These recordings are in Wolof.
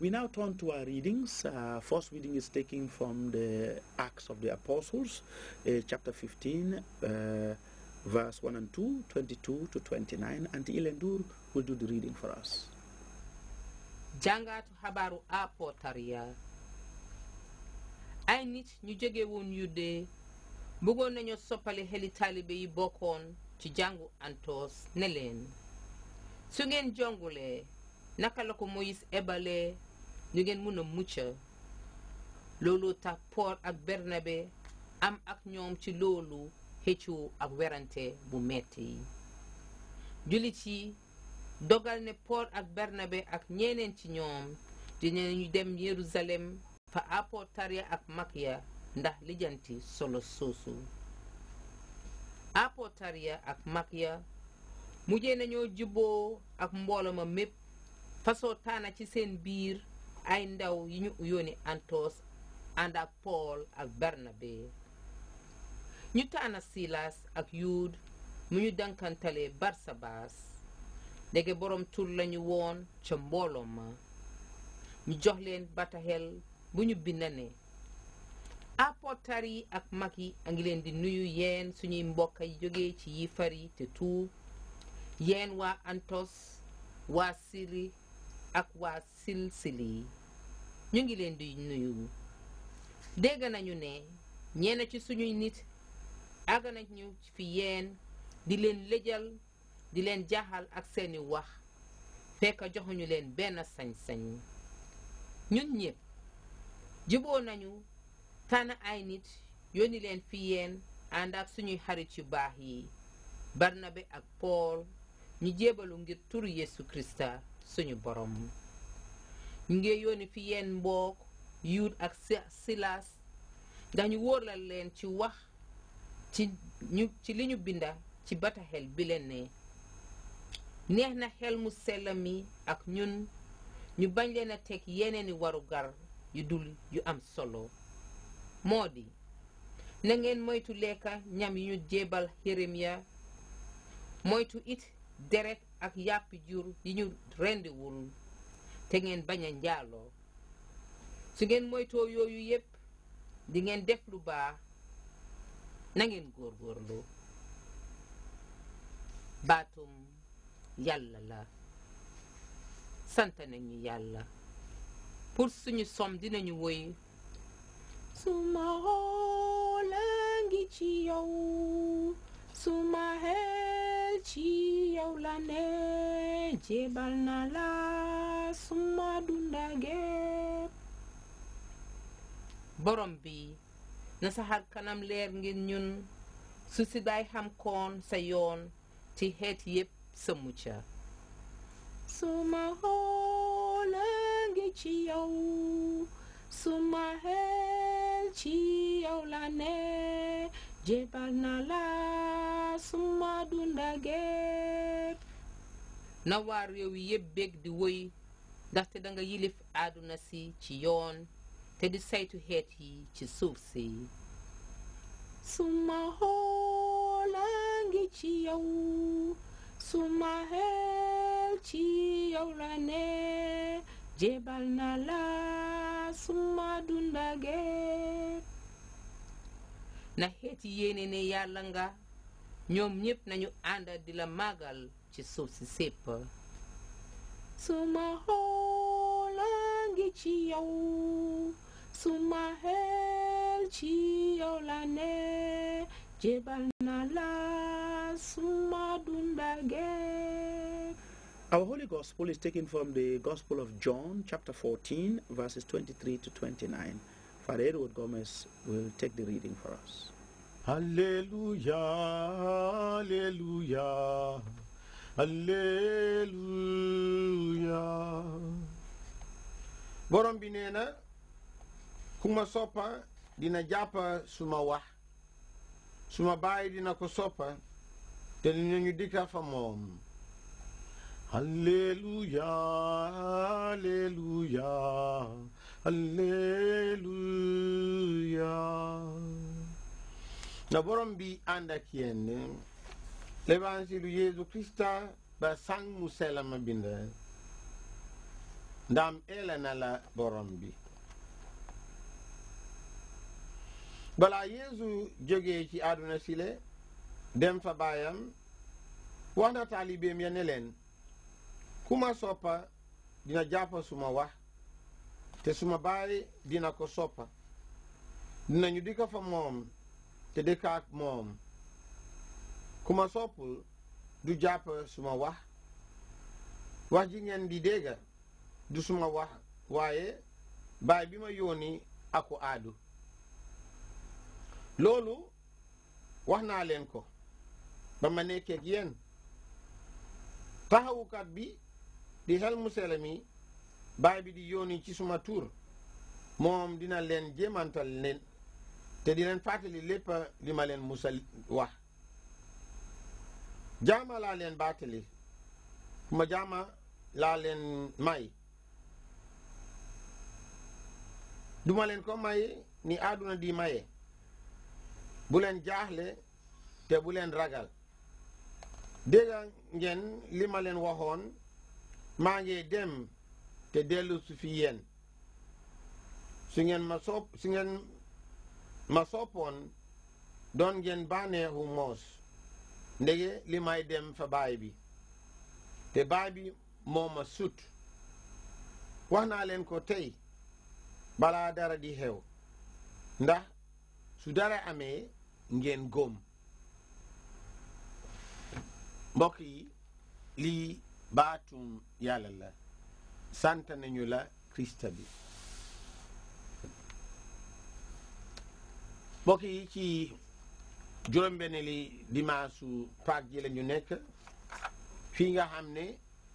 We now turn to our readings. Uh, first reading is taken from the Acts of the Apostles, uh, chapter 15, uh, verse 1 and 2, 22 to 29. Auntie Ilendur will do the reading for us. jàngaatu xabaaru apotariya ay nit ñu jógewuñ yu dee bëggoon nañu soppali xeli yi bokkoon ci jàngu antos ne leen su ngeen jongulee naka la ko ebalee ñu ngeen mun a muccal loolu tax Paul ak Bernabe am ak ñoom ci loolu xëccoo ak werante bu metti yi jullit yi dogal ne Paul ak Bernabe ak ñeneen ci ñoom dinañu dem Yerusalem fa apotariya ak Makiya ndax lijanti solo soosu apotariya ak Makiya mujjee nañoo jubboo ak mbooloo mépp fasoo taana ci seen biir ay ndaw yi ñu yónni antos ànd ak paul ak barnabe ñu taana silas ak yuud mu ñu dankantalee barsabaas ndege boroom tur lañu woon ca mbooloo ma ñu jox leen bataxel bu ñu bind ne apottar yi ak mag yi a ngi leen di nuyu yeen suñuy mbokk yi jóge ci yifar yi te tuub yeen waa antos waa siri ak waa silsili yi ñu ngi leen di nuyu dégg nañu ne ñenn ci suñuy nit àgg nañu fi yeen di leen lëjal di leen jaaxal ak seeni wax fekk joxuñu leen benn sañ-sañ ñun ñëpp juboo nañu tànn ay nit yónni leen fi yeen ànd ak suñuy xarit yu baax yi Barnabe ak pool ñu jébalu ngir turu Yesu Krista suñu borom ñingee yooni fi yenn mbook yuut ak silas ndax ñu wóorlal leen ci wax ci ñu ci li ñu binda ci bata xel bi leen ne neex na xel mu sellam yi ak ñun ñu bañ leen a teg yeneeni waru gar yu dul yu am solo moo di na ngeen moytu leeka ñam yi ñu jébal hérémia moytu it deret ak yàpp jur yi ñu rendiwul te ngeen bañ a njaaloo su ngeen moytoo yooyu yépp di ngeen def lu baax na ngeen góorgóorlu baatum yàlla la sant nañu yàlla pour suñu som dinañu woy suma xoola ngi ci yow suma xee ci yow la ne jébal na la suma dundage borom bi na sa kanam leer ngir ñun su ci day xam koon sa yoon ci xeet yépp sa mucca suma xoola ngi ci yow suma xel ci yow la ne jébal na la suma dunda gépp na waa réew yi yëpp bég di woy ndaxte danga yilif àdduna si ci yoon te di saytu xeet yi ci suuf si suma xoolaa ngi ci yow suma xel ci yow la ne jébal na la suma dunda gépp na xeet yéene ne yàlla nga nañu di la ci suuf sépp suma ngi ci yow suma ci yow la ne jébal na la suma dundage Our Holy Gospel is taken from the Gospel of John, chapter 14, verses 23 to 29. Father Edward Gomez will take the reading for us. Alleluia, Alleluia, Alleluia. borom bi nee na ku ma soppa dina jàppa suma wax suma baay dina ko soppa te dina ñu dikka fa moom Alleluia, Alleluia, Alleluia. na borom bi anda kiyenne l'evangile jésus krista ba sang musalama binda ndam ela na la borom bi bala yesu joge ci aduna sile dem fa bayam wanda talibem ya ne leen ku ma soppa dina jàppa suma wax te suma baye dina ko soppa dinañu di ko fa moom te dëkk ak moom ku ma soppul du jàpp suma wax wax ji ngeen di dégg du suma wax waaye baay bi ma yóoni aku aadu loolu wax naa leen ko ba ma nekkee ak yéen taxawukat bi di xel mu sele mi baay bi di yóoni ci suma tuur moom dina leen jëmantal leen te di leen fàttali lépp li ma leen musal wax jaama laa leen baatali kuma jaama laa leen may duma leen ko may ni àdduna di maye bu leen jaaxle te bu leen ragal dégg ngeen li ma leen waxoon maa ngi dem te dellu fi yéen si ngeen ma sopp si ngeen ma soppoon doon ngeen bànneexu moos ndege li may dem fa baay bi te baay bi moo ma sut wax naa leen ko tey balaa dara di xew ndax su dara amee ngeen góom mbokk yi lii baatum yàlla la sant nañu la krista bi mbokk yi ci juróom-benn li dimaasu paak ji la nekk fii nga xam ne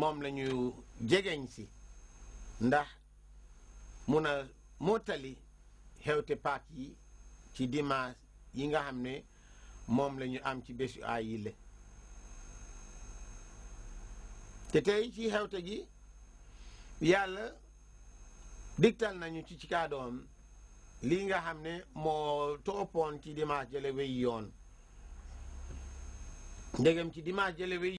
moom lañu jegeñ si ndax mun a mottali xewte paak yi ci dimaas yi nga xam ne moom lañu am ci bésu ay yile te tey ci xewte gi yàlla digtal nañu ci ci kaadoom lii nga xam ne moo toppoon ci dimanche jële wéy yoon ndegam ci dimanche jële wéy